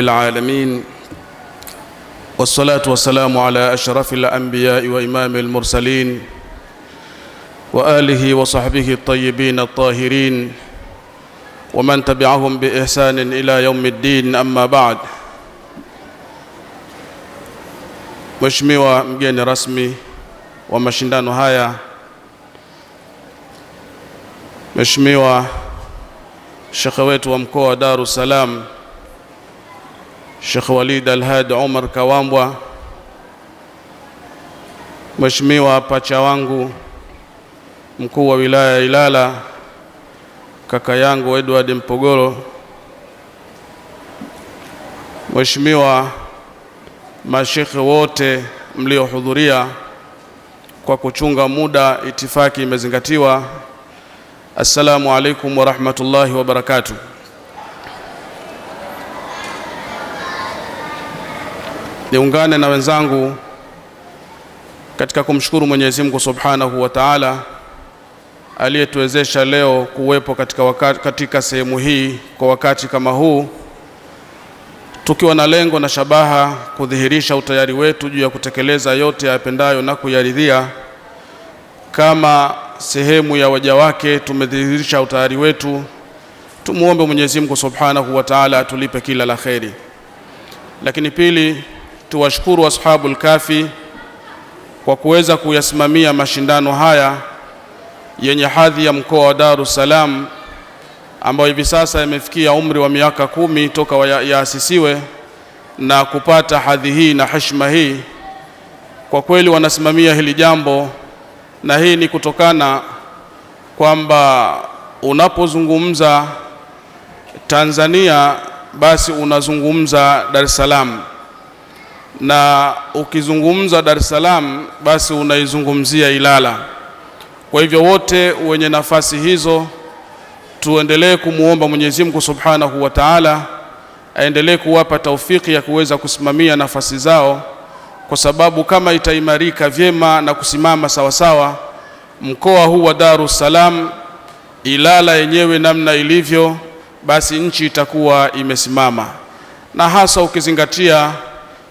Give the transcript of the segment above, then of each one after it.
العالمين والصلاة والسلام على أشرف الأنبياء وإمام المرسلين وآله وصحبه الطيبين الطاهرين ومن تبعهم بإحسان إلى يوم الدين أما بعد Mheshimiwa mgeni رسمي ومشندان mashindano haya, Mheshimiwa ومكوة دار السلام mkoa Sheikh Walid Alhad Omar Kawambwa, Mheshimiwa pacha wangu mkuu wa wilaya ya Ilala, kaka yangu Edward mpogoro Mheshimiwa mashekhe wote mliohudhuria kwa kuchunga muda, itifaki imezingatiwa. Assalamu alaikum warahmatullahi wabarakatuh. niungane na wenzangu katika kumshukuru Mwenyezi Mungu Subhanahu wa Ta'ala aliyetuwezesha leo kuwepo katika, wakati, katika sehemu hii kwa wakati kama huu tukiwa na lengo na shabaha kudhihirisha utayari wetu juu ya kutekeleza yote ayapendayo na kuyaridhia. Kama sehemu ya waja wake tumedhihirisha utayari wetu, tumwombe Mwenyezi Mungu Subhanahu wa Ta'ala atulipe kila la kheri. Lakini pili tuwashukuru ashabu lkafi kwa kuweza kuyasimamia mashindano haya yenye hadhi ya mkoa wa Dar es Salaam ambayo hivi sasa yamefikia umri wa miaka kumi toka yaasisiwe ya na kupata hadhi hii na heshima hii. Kwa kweli wanasimamia hili jambo, na hii ni kutokana kwamba unapozungumza Tanzania basi unazungumza Dar es Salaam na ukizungumza Dar es Salaam basi unaizungumzia Ilala. Kwa hivyo wote wenye nafasi hizo tuendelee kumwomba Mwenyezi Mungu Subhanahu wa Ta'ala aendelee kuwapa taufiki ya kuweza kusimamia nafasi zao, kwa sababu kama itaimarika vyema na kusimama sawasawa, mkoa huu wa Dar es Salaam, Ilala yenyewe namna ilivyo, basi nchi itakuwa imesimama, na hasa ukizingatia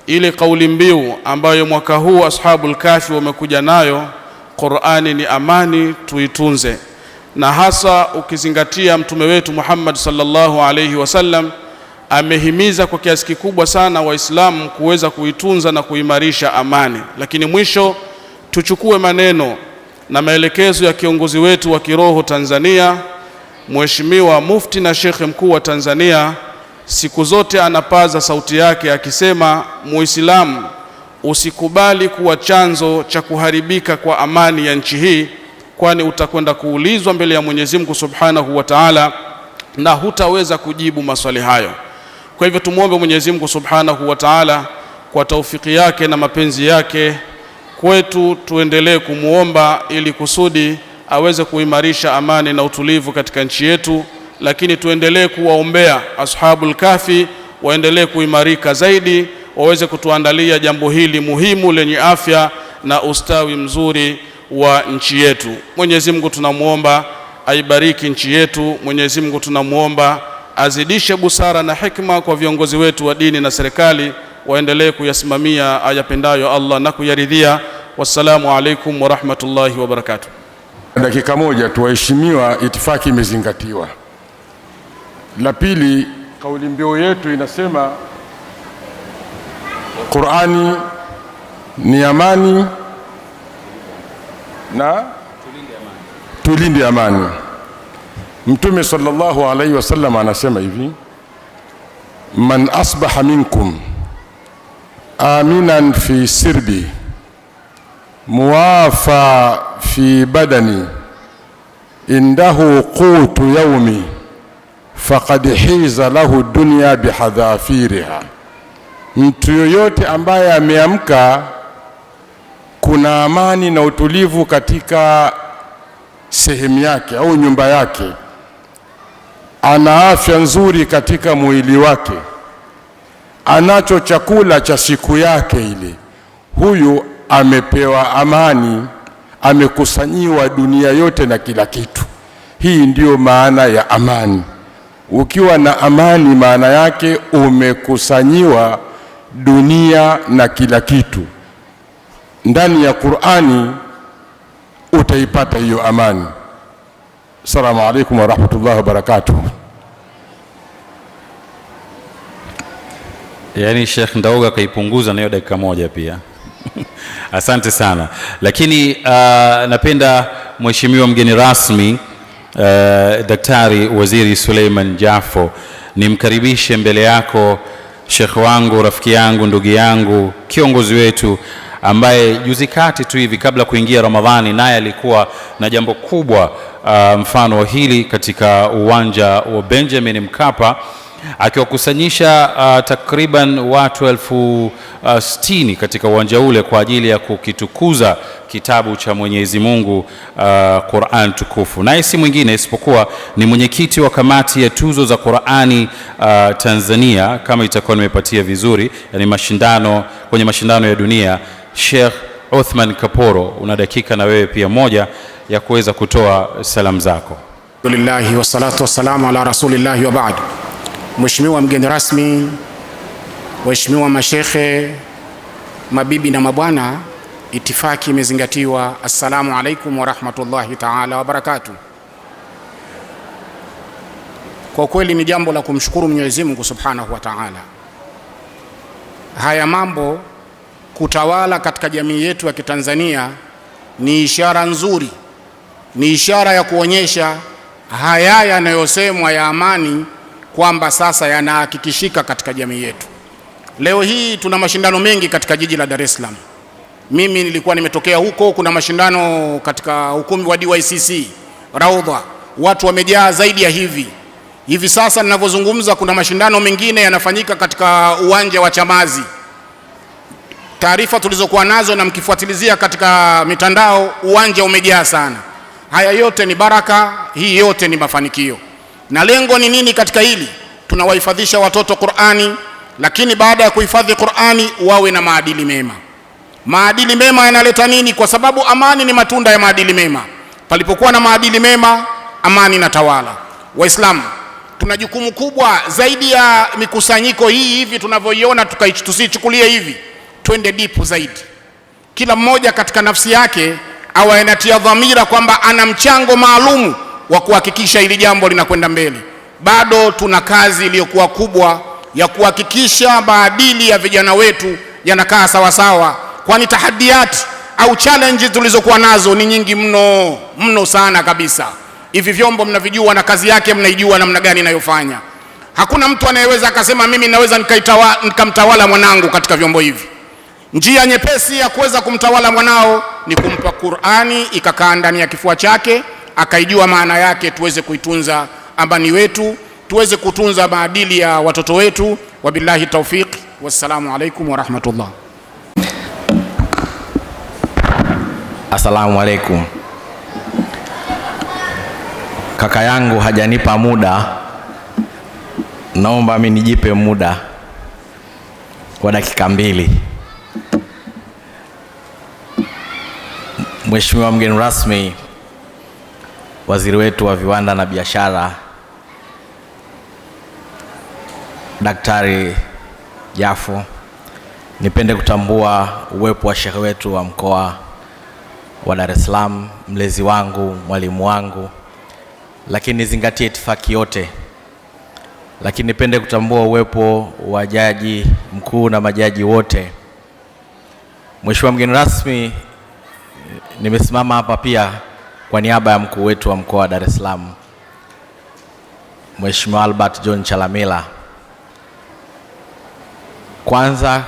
ile kauli mbiu ambayo mwaka huu Ashabul Kahfi wamekuja nayo, Qur'ani ni amani, tuitunze, na hasa ukizingatia mtume wetu Muhammad sallallahu alayhi wasallam amehimiza kwa kiasi kikubwa sana Waislamu kuweza kuitunza na kuimarisha amani. Lakini mwisho tuchukue maneno na maelekezo ya kiongozi wetu wa kiroho Tanzania, Mheshimiwa Mufti na Shekhe Mkuu wa Tanzania siku zote anapaza sauti yake akisema, Muislamu usikubali kuwa chanzo cha kuharibika kwa amani ya nchi hii, kwani utakwenda kuulizwa mbele ya Mwenyezi Mungu Subhanahu wa Ta'ala, na hutaweza kujibu maswali hayo. Kwa hivyo tumwombe Mwenyezi Mungu Subhanahu wa Ta'ala kwa taufiki yake na mapenzi yake kwetu, tuendelee kumwomba ili kusudi aweze kuimarisha amani na utulivu katika nchi yetu lakini tuendelee kuwaombea ashabul kafi waendelee kuimarika zaidi, waweze kutuandalia jambo hili muhimu lenye afya na ustawi mzuri wa nchi yetu. Mwenyezi Mungu tunamwomba aibariki nchi yetu. Mwenyezi Mungu tunamwomba azidishe busara na hikma kwa viongozi wetu wa dini na serikali, waendelee kuyasimamia ayapendayo Allah na kuyaridhia. Wassalamu alaikum warahmatullahi wabarakatuh. Dakika moja tuwaheshimiwa itifaki imezingatiwa. La pili, kauli mbiu yetu inasema Qur'ani ni amani na tulinde amani, Mtume sallallahu alaihi wasallam anasema hivi, man asbaha minkum aminan fi sirbi muwafa fi badani indahu qutu yaumi faqad hiza lahu dunya bihadhafiriha, mtu yoyote ambaye ameamka kuna amani na utulivu katika sehemu yake au nyumba yake, ana afya nzuri katika mwili wake, anacho chakula cha siku yake ile, huyu amepewa amani, amekusanyiwa dunia yote na kila kitu. Hii ndiyo maana ya amani. Ukiwa na amani, maana yake umekusanyiwa dunia na kila kitu. Ndani ya Qur'ani utaipata hiyo amani. Assalamu rahmatullahi wa barakatuh Yaani Sheikh Ndauga akaipunguza nayo dakika moja pia. Asante sana, lakini uh, napenda mheshimiwa mgeni rasmi Eh, Daktari Waziri Suleiman Jafo, nimkaribishe mbele yako Sheikh wangu, rafiki yangu, ndugu yangu, kiongozi wetu ambaye juzi kati tu hivi kabla kuingia Ramadhani naye alikuwa na jambo kubwa uh, mfano wa hili katika uwanja wa Benjamin Mkapa akiwakusanyisha uh, takriban watu elfu uh, sitini katika uwanja ule kwa ajili ya kukitukuza kitabu cha Mwenyezi Mungu uh, Qur'an tukufu. Naye si mwingine isipokuwa ni mwenyekiti wa kamati ya tuzo za Qur'ani uh, Tanzania, kama itakuwa nimepatia vizuri, yani mashindano kwenye mashindano ya dunia, Sheikh uthman Kaporo, una dakika na wewe pia moja ya kuweza kutoa salamu zako. Alhamdulillah wassalatu wassalamu ala rasulillahi wa ba'du Mheshimiwa mgeni rasmi, waheshimiwa mashekhe, mabibi na mabwana, itifaki imezingatiwa. Assalamu alaikum warahmatullahi taala wabarakatuh. Kwa kweli ni jambo la kumshukuru Mwenyezi Mungu subhanahu wa taala. Haya mambo kutawala katika jamii yetu ya Kitanzania ni ishara nzuri, ni ishara ya kuonyesha haya yanayosemwa ya amani kwamba sasa yanahakikishika katika jamii yetu. Leo hii tuna mashindano mengi katika jiji la Dar es Salaam. Mimi nilikuwa nimetokea huko, kuna mashindano katika ukumbi wa DYCC Raudha, watu wamejaa zaidi ya hivi. Hivi sasa ninavyozungumza, kuna mashindano mengine yanafanyika katika uwanja wa Chamazi. Taarifa tulizokuwa nazo na mkifuatilizia katika mitandao, uwanja umejaa sana. Haya yote ni baraka, hii yote ni mafanikio. Na lengo ni nini katika hili? Tunawahifadhisha watoto Qur'ani, lakini baada ya kuhifadhi Qur'ani wawe na maadili mema. Maadili mema yanaleta nini? Kwa sababu amani ni matunda ya maadili mema. Palipokuwa na maadili mema, amani inatawala. Waislamu tuna jukumu kubwa zaidi ya mikusanyiko hii hivi tunavyoiona, tusichukulie hivi, twende dipu zaidi. Kila mmoja katika nafsi yake awe anatia dhamira kwamba ana mchango maalumu wa kuhakikisha hili jambo linakwenda mbele. Bado tuna kazi iliyokuwa kubwa ya kuhakikisha maadili ya vijana wetu yanakaa sawasawa, kwani tahadiati au challenge tulizokuwa nazo ni nyingi mno mno sana kabisa. Hivi vyombo mnavijua na kazi yake mnaijua namna gani inayofanya. Hakuna mtu anayeweza akasema mimi naweza nikamtawala mwanangu katika vyombo hivi. Njia nyepesi ya kuweza kumtawala mwanao ni kumpa Qur'ani ikakaa ndani ya kifua chake akaijua maana yake, tuweze kuitunza amani wetu, tuweze kutunza maadili ya watoto wetu. Wabillahi taufiq, wassalamu alaikum warahmatullah. Assalamu alaikum. Kaka yangu hajanipa muda, naomba mimi nijipe muda kwa dakika mbili. Mheshimiwa mgeni rasmi waziri wetu wa viwanda na biashara Daktari Jafo, nipende kutambua uwepo wa shehe wetu wa mkoa wa Dar es Salaam, mlezi wangu, mwalimu wangu, lakini nizingatie itifaki yote, lakini nipende kutambua uwepo wa jaji mkuu na majaji wote. Mheshimiwa mgeni rasmi, nimesimama hapa pia kwa niaba ya mkuu wetu wa mkoa wa Dar es Salaam Mheshimiwa Albert John Chalamila, kwanza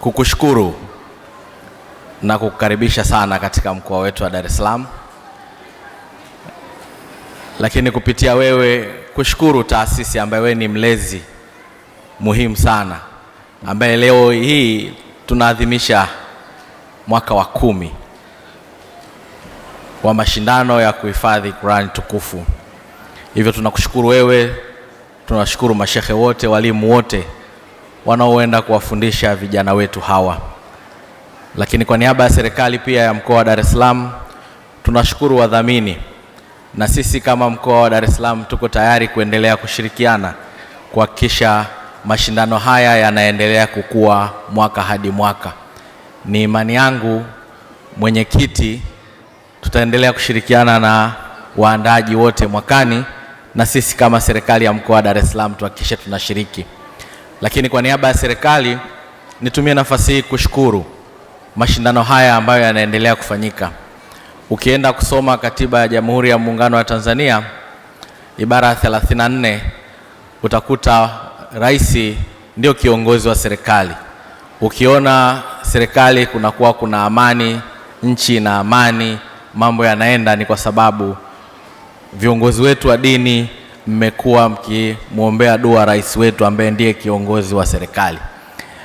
kukushukuru na kukukaribisha sana katika mkoa wetu wa Dar es Salaam, lakini kupitia wewe kushukuru taasisi ambayo wewe ni mlezi muhimu sana ambaye leo hii tunaadhimisha mwaka wa kumi wa mashindano ya kuhifadhi Qur'an tukufu. Hivyo tunakushukuru wewe, tunashukuru mashehe wote, walimu wote wanaoenda kuwafundisha vijana wetu hawa. Lakini kwa niaba ya serikali pia ya mkoa wa Dar es Salaam tunashukuru wadhamini, na sisi kama mkoa wa Dar es Salaam tuko tayari kuendelea kushirikiana kuhakikisha mashindano haya yanaendelea kukua mwaka hadi mwaka. Ni imani yangu mwenyekiti tutaendelea kushirikiana na waandaji wote mwakani, na sisi kama serikali ya mkoa wa Dar es Salaam tuhakikishe tunashiriki. Lakini kwa niaba ya serikali nitumie nafasi hii kushukuru mashindano haya ambayo yanaendelea kufanyika. Ukienda kusoma katiba ya Jamhuri ya Muungano wa Tanzania ibara ya 34 utakuta rais ndio kiongozi wa serikali. Ukiona serikali kunakuwa kuna amani, nchi ina amani mambo yanaenda ni kwa sababu viongozi wetu wa dini mmekuwa mkimwombea dua rais wetu ambaye ndiye kiongozi wa serikali.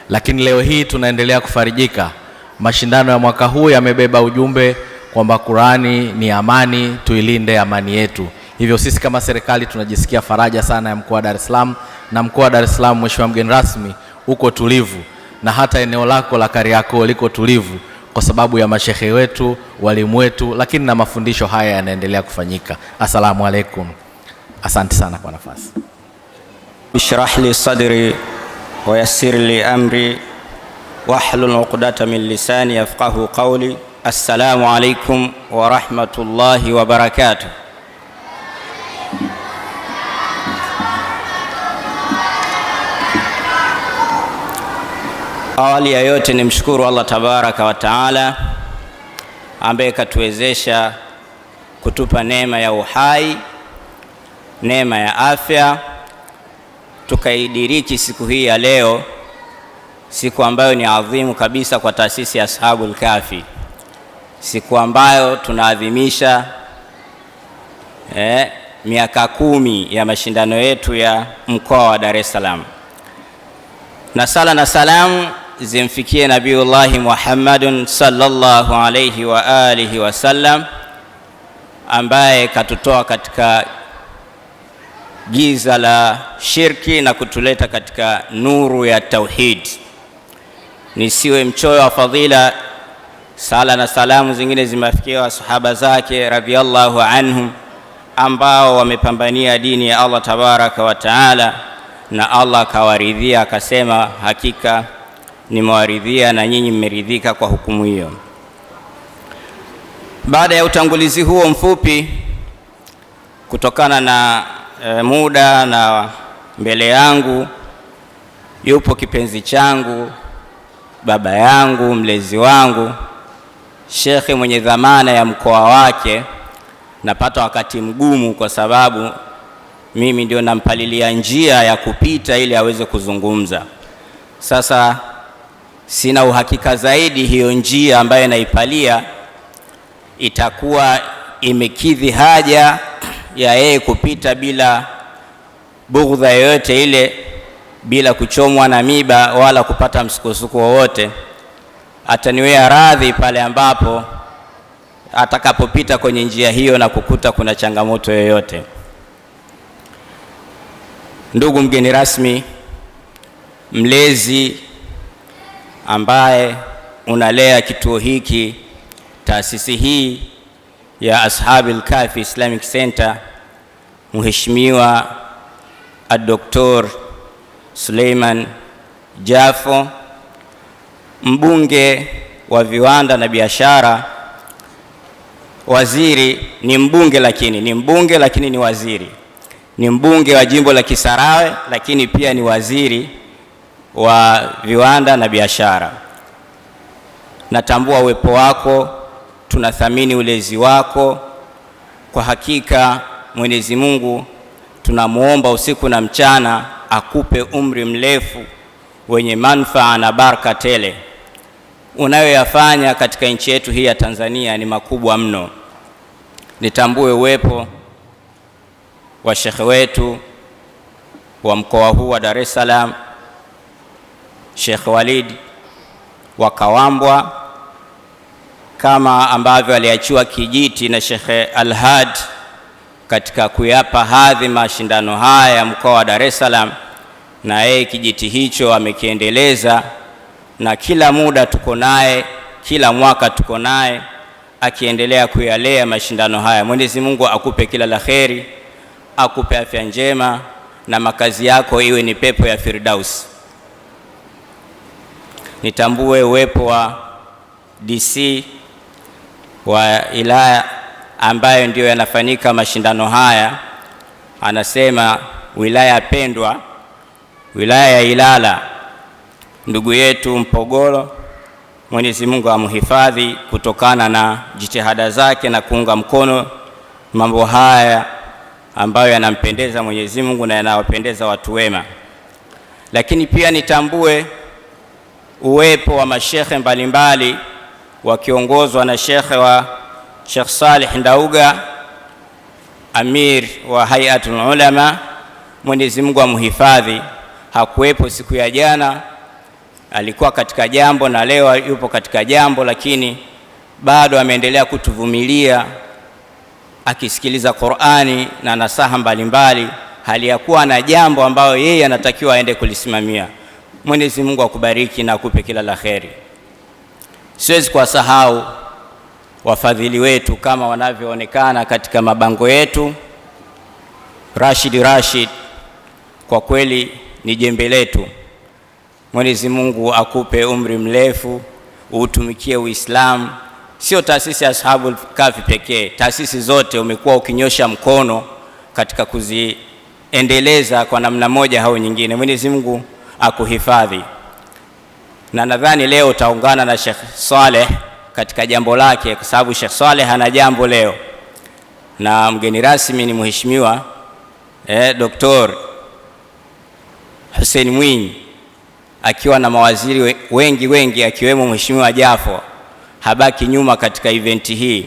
Lakini leo hii tunaendelea kufarijika. Mashindano ya mwaka huu yamebeba ujumbe kwamba Qurani ni amani, tuilinde amani yetu. Hivyo sisi kama serikali tunajisikia faraja sana ya mkoa wa Dar es Salaam, na mkoa wa Dar es Salaam, mheshimiwa mgeni rasmi, uko tulivu na hata eneo lako la Kariakoo liko tulivu kwa sababu ya mashehe wetu, walimu wetu, lakini na mafundisho haya yanaendelea kufanyika. Assalamu alaikum, asante sana kwa nafasi. Ishrah li sadri wa yassir li amri wahlul uqdata min lisani yafqahu qawli. Assalamu alaikum wa rahmatullahi wa barakatuh. Awali ya yote ni mshukuru Allah tabaraka wa taala ambaye katuwezesha kutupa neema ya uhai, neema ya afya, tukaidiriki siku hii ya leo, siku ambayo ni adhimu kabisa kwa taasisi ya Ashabul Kahfi, siku ambayo tunaadhimisha eh, miaka kumi ya mashindano yetu ya mkoa wa Dar es Salaam na sala na salamu zimfikie Nabiullahi Muhammadun sallallahu alayhi wa alihi wasallam, ambaye katutoa katika giza la shirki na kutuleta katika nuru ya tauhid. Nisiwe mchoyo wa fadhila. Sala na salamu zingine zimewafikia wasahaba zake radhiallahu anhum ambao wamepambania dini ya Allah tabaraka wa taala, na Allah akawaridhia akasema, hakika nimewaridhia na nyinyi mmeridhika kwa hukumu hiyo. Baada ya utangulizi huo mfupi, kutokana na e, muda na mbele yangu yupo kipenzi changu, baba yangu, mlezi wangu, shekhe mwenye dhamana ya mkoa wake. Napata wakati mgumu kwa sababu mimi ndio nampalilia njia ya kupita ili aweze kuzungumza. Sasa Sina uhakika zaidi hiyo njia ambayo naipalia itakuwa imekidhi haja ya yeye kupita bila bughdha yoyote ile, bila kuchomwa na miba wala kupata msukosuko wowote. Ataniwea radhi pale ambapo atakapopita kwenye njia hiyo na kukuta kuna changamoto yoyote. Ndugu mgeni rasmi, mlezi ambaye unalea kituo hiki, taasisi hii ya Ashabil Kahfi Islamic Center, Mheshimiwa Dr. Suleiman Jafo, mbunge wa viwanda na biashara, waziri ni mbunge lakini ni mbunge lakini ni waziri, ni mbunge wa jimbo la Kisarawe lakini pia ni waziri wa viwanda na biashara. Natambua uwepo wako, tunathamini ulezi wako. Kwa hakika Mwenyezi Mungu tunamwomba usiku na mchana akupe umri mrefu wenye manufaa na baraka tele. Unayoyafanya katika nchi yetu hii ya Tanzania ni makubwa mno. Nitambue uwepo wa shekhe wetu wa mkoa huu wa Dar es Salaam Sheikh Walid wa Kawambwa, kama ambavyo aliachiwa kijiti na Sheikh Alhad katika kuyapa hadhi mashindano haya ya mkoa wa Dar es Salaam, na yeye kijiti hicho amekiendeleza, na kila muda tuko naye, kila mwaka tuko naye akiendelea kuyalea mashindano haya. Mwenyezi Mungu akupe kila la kheri, akupe afya njema na makazi yako iwe ni pepo ya Firdaus nitambue uwepo wa DC wa ilaya ambayo ndio yanafanyika mashindano haya. Anasema wilaya pendwa, wilaya ya Ilala, ndugu yetu Mpogolo, Mwenyezi Mungu amhifadhi kutokana na jitihada zake na kuunga mkono mambo haya ambayo yanampendeza Mwenyezi Mungu na yanawapendeza watu wema, lakini pia nitambue uwepo wa mashekhe mbalimbali wakiongozwa na shekhe wa Sheikh Saleh Ndauga, amir wa Hayatul Ulama, Mwenyezi Mungu amhifadhi. Hakuwepo siku ya jana, alikuwa katika jambo na leo yupo katika jambo, lakini bado ameendelea kutuvumilia akisikiliza Qur'ani na nasaha mbalimbali, hali ya kuwa na jambo ambayo yeye anatakiwa aende kulisimamia. Mwenyezi Mungu akubariki na akupe kila la kheri. Siwezi kuwasahau wafadhili wetu kama wanavyoonekana katika mabango yetu. Rashid Rashid kwa kweli ni jembe letu. Mwenyezi Mungu akupe umri mrefu uutumikie Uislamu. Sio taasisi ya Ashabul Kahfi pekee, taasisi zote umekuwa ukinyosha mkono katika kuziendeleza kwa namna moja au nyingine. Mwenyezi Mungu akuhifadhi. Na nadhani leo utaungana na Sheikh Saleh katika jambo lake, kwa sababu Sheikh Saleh ana jambo leo, na mgeni rasmi ni mheshimiwa eh, Dr. Hussein Mwinyi akiwa na mawaziri wengi wengi akiwemo mheshimiwa Jafo habaki nyuma katika eventi hii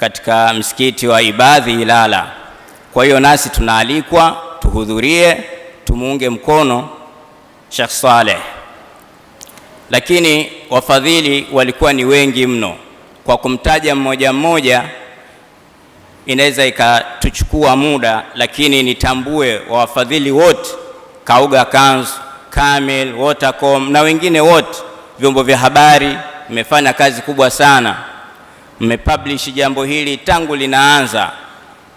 katika msikiti wa Ibadhi Ilala. Kwa hiyo nasi tunaalikwa tuhudhurie, tumuunge mkono Sheikh Saleh, lakini wafadhili walikuwa ni wengi mno. Kwa kumtaja mmoja mmoja inaweza ikatuchukua muda, lakini nitambue wa wafadhili wote Kauga Kanzu, Kamil, Watercom na wengine wote. Vyombo vya habari mmefanya kazi kubwa sana, mmepublish jambo hili tangu linaanza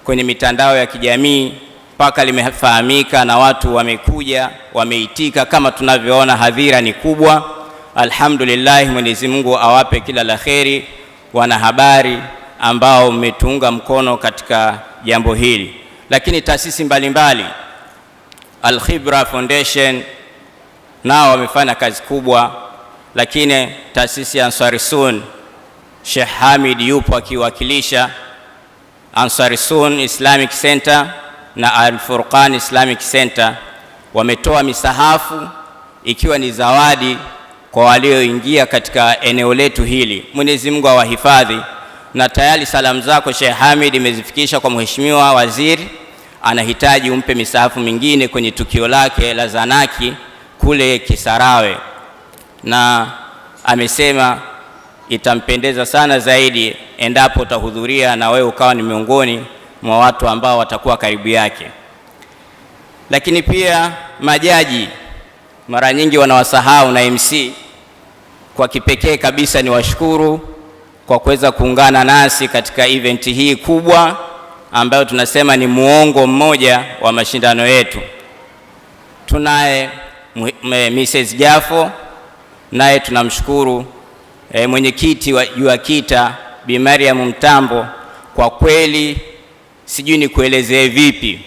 kwenye mitandao ya kijamii mpaka limefahamika na watu wamekuja wameitika, kama tunavyoona hadhira ni kubwa. Alhamdulillah, Mwenyezi Mungu awape kila la kheri wanahabari ambao mmetuunga mkono katika jambo hili, lakini taasisi mbalimbali Al Khibra Foundation nao wamefanya kazi kubwa, lakini taasisi ya Ansari Sun Sheikh Hamid yupo akiwakilisha Ansari Sun Islamic Center na Al-Furqan Islamic Center wametoa misahafu ikiwa ni zawadi kwa walioingia katika eneo letu hili. Mwenyezi Mungu awahifadhi. Na tayari salamu zako Sheikh Hamid imezifikisha kwa Mheshimiwa Waziri, anahitaji umpe misahafu mingine kwenye tukio lake la Zanaki kule Kisarawe, na amesema itampendeza sana zaidi endapo utahudhuria na wewe ukawa ni miongoni mwa watu ambao watakuwa karibu yake. Lakini pia majaji mara nyingi wanawasahau na MC kwa kipekee kabisa ni washukuru kwa kuweza kuungana nasi katika event hii kubwa ambayo tunasema ni muongo mmoja wa mashindano yetu. Tunaye Mrs. Jafo naye tunamshukuru e, mwenyekiti wa JUAKITA Bi Mariam Mtambo kwa kweli sijui nikuelezee vipi,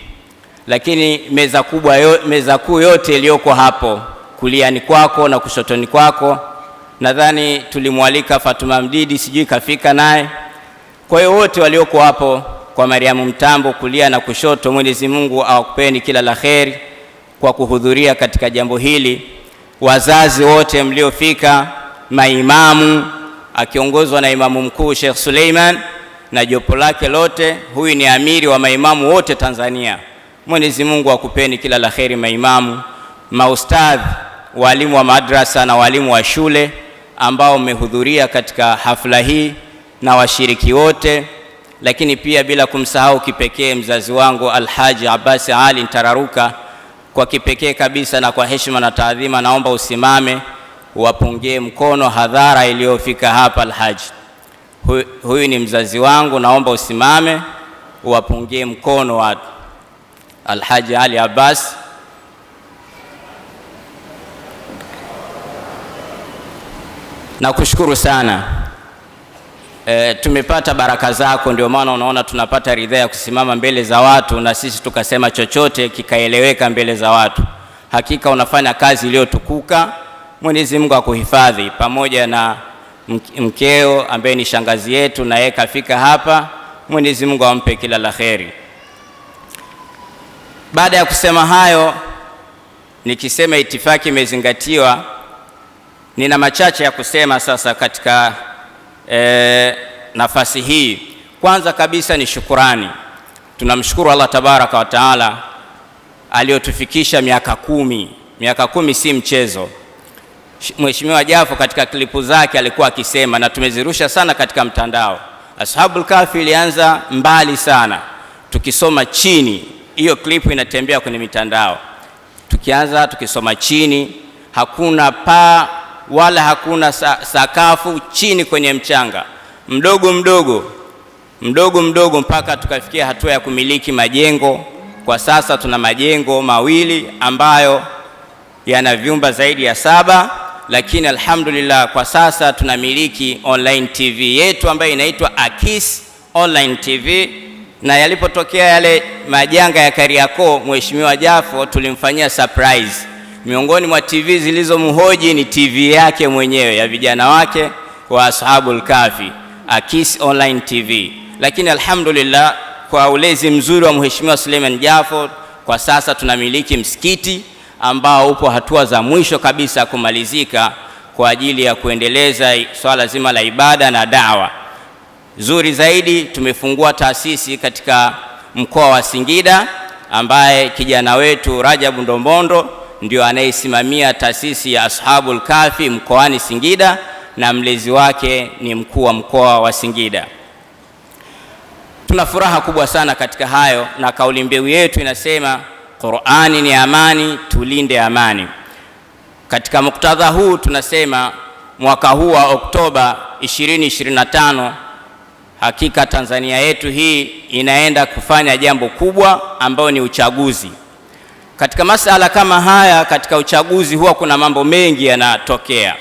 lakini meza kubwa yo, meza kuu yote iliyoko hapo kuliani kwako na kushotoni kwako, nadhani tulimwalika Fatuma Mdidi, sijui kafika naye. Kwa hiyo wote walioko hapo kwa Mariamu Mtambo kulia na kushoto, Mwenyezi Mungu awakupeni kila la kheri kwa kuhudhuria katika jambo hili. Wazazi wote mliofika, maimamu akiongozwa na imamu mkuu Sheikh Suleiman na jopo lake lote. Huyu ni amiri wa maimamu wote Tanzania. Mwenyezi Mungu akupeni kila la kheri, maimamu, maustadhi, walimu wa madrasa na walimu wa shule ambao mmehudhuria katika hafla hii na washiriki wote, lakini pia bila kumsahau kipekee mzazi wangu Alhaji Abbas Ali Ntararuka. Kwa kipekee kabisa na kwa heshima na taadhima, naomba usimame wapongee mkono hadhara iliyofika hapa Alhaji huyu, ni mzazi wangu, naomba usimame uwapungie mkono watu. Alhaji Ali Abbas Nakushukuru sana e, tumepata baraka zako, ndio maana unaona tunapata ridhaa ya kusimama mbele za watu na sisi tukasema chochote kikaeleweka mbele za watu. Hakika unafanya kazi iliyotukuka. Mwenyezi Mungu akuhifadhi pamoja na mkeo ambaye ni shangazi yetu, na yeye kafika hapa. Mwenyezi Mungu ampe kila la kheri. Baada ya kusema hayo, nikisema itifaki imezingatiwa, nina machache ya kusema sasa katika e, nafasi hii. Kwanza kabisa ni shukurani. Tunamshukuru Allah tabaraka wa taala aliyotufikisha miaka kumi. Miaka kumi si mchezo. Mheshimiwa Jafo katika klipu zake alikuwa akisema, na tumezirusha sana katika mtandao, Ashabul Kahfi ilianza mbali sana, tukisoma chini. Hiyo klipu inatembea kwenye mitandao, tukianza tukisoma chini, hakuna paa wala hakuna sa sakafu, chini kwenye mchanga mdogo mdogo mdogo mdogo, mpaka tukafikia hatua ya kumiliki majengo. Kwa sasa tuna majengo mawili ambayo yana vyumba zaidi ya saba lakini alhamdulillah kwa sasa tunamiliki online tv yetu ambayo inaitwa Akis Online TV, na yalipotokea yale majanga ya Kariakoo, Mheshimiwa Jafo tulimfanyia surprise. Miongoni mwa tv zilizomhoji ni tv yake mwenyewe ya vijana wake wa Ashabul Kahfi, Akis Online TV. Lakini alhamdulillah kwa ulezi mzuri wa Mheshimiwa Suleiman Jafo, kwa sasa tunamiliki msikiti ambao upo hatua za mwisho kabisa kumalizika kwa ajili ya kuendeleza swala zima la ibada na dawa. Zuri zaidi, tumefungua taasisi katika mkoa wa Singida ambaye kijana wetu Rajabu Ndombondo ndio anayesimamia taasisi ya Ashabul Kahfi mkoani Singida na mlezi wake ni mkuu wa mkoa wa Singida. Tuna furaha kubwa sana katika hayo, na kauli mbiu yetu inasema Qur'ani ni amani, tulinde amani. Katika muktadha huu tunasema mwaka huu wa Oktoba 2025 hakika Tanzania yetu hii inaenda kufanya jambo kubwa ambayo ni uchaguzi. Katika masala kama haya, katika uchaguzi huwa kuna mambo mengi yanatokea.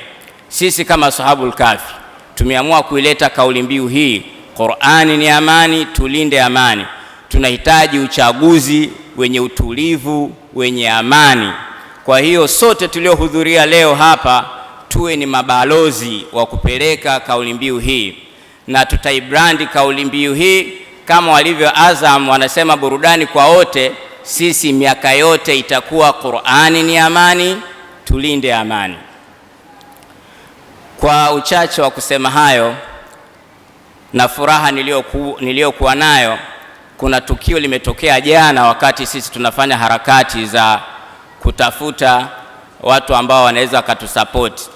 Sisi kama Sahabul Kafi tumeamua kuileta kauli mbiu hii, Qur'ani ni amani, tulinde amani. Tunahitaji uchaguzi wenye utulivu, wenye amani. Kwa hiyo sote tuliohudhuria leo hapa tuwe ni mabalozi wa kupeleka kauli mbiu hii, na tutaibrandi kauli mbiu hii kama walivyo Azam wanasema burudani kwa wote. Sisi miaka yote itakuwa Qur'ani ni amani, tulinde amani. Kwa uchache wa kusema hayo na furaha niliyokuwa nayo kuna tukio limetokea jana wakati sisi tunafanya harakati za kutafuta watu ambao wanaweza wakatusapoti.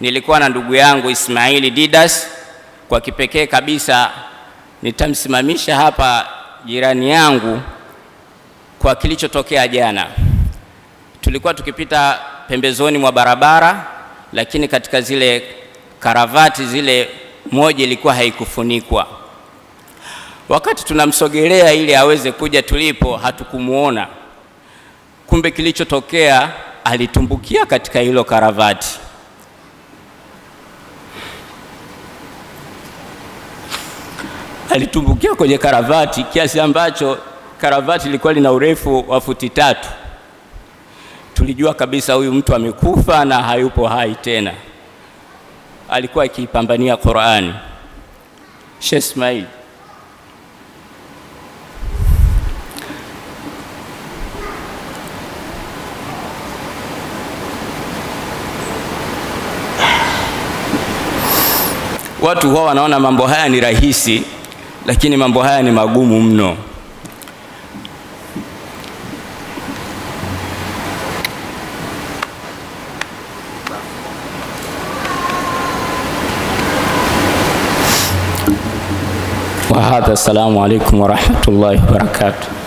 Nilikuwa na ndugu yangu Ismaili Didas, kwa kipekee kabisa nitamsimamisha hapa jirani yangu kwa kilichotokea jana. Tulikuwa tukipita pembezoni mwa barabara, lakini katika zile karavati zile moja ilikuwa haikufunikwa Wakati tunamsogelea ili aweze kuja tulipo, hatukumuona. Kumbe kilichotokea alitumbukia katika hilo karavati. Alitumbukia kwenye karavati kiasi ambacho karavati ilikuwa lina urefu wa futi tatu. Tulijua kabisa huyu mtu amekufa na hayupo hai tena. Alikuwa akiipambania Qur'ani. Sheikh Ismail Watu huwa wanaona mambo haya ni rahisi, lakini mambo haya ni magumu mno. Wahadha, assalamu alaikum warahmatullahi wabarakatuh.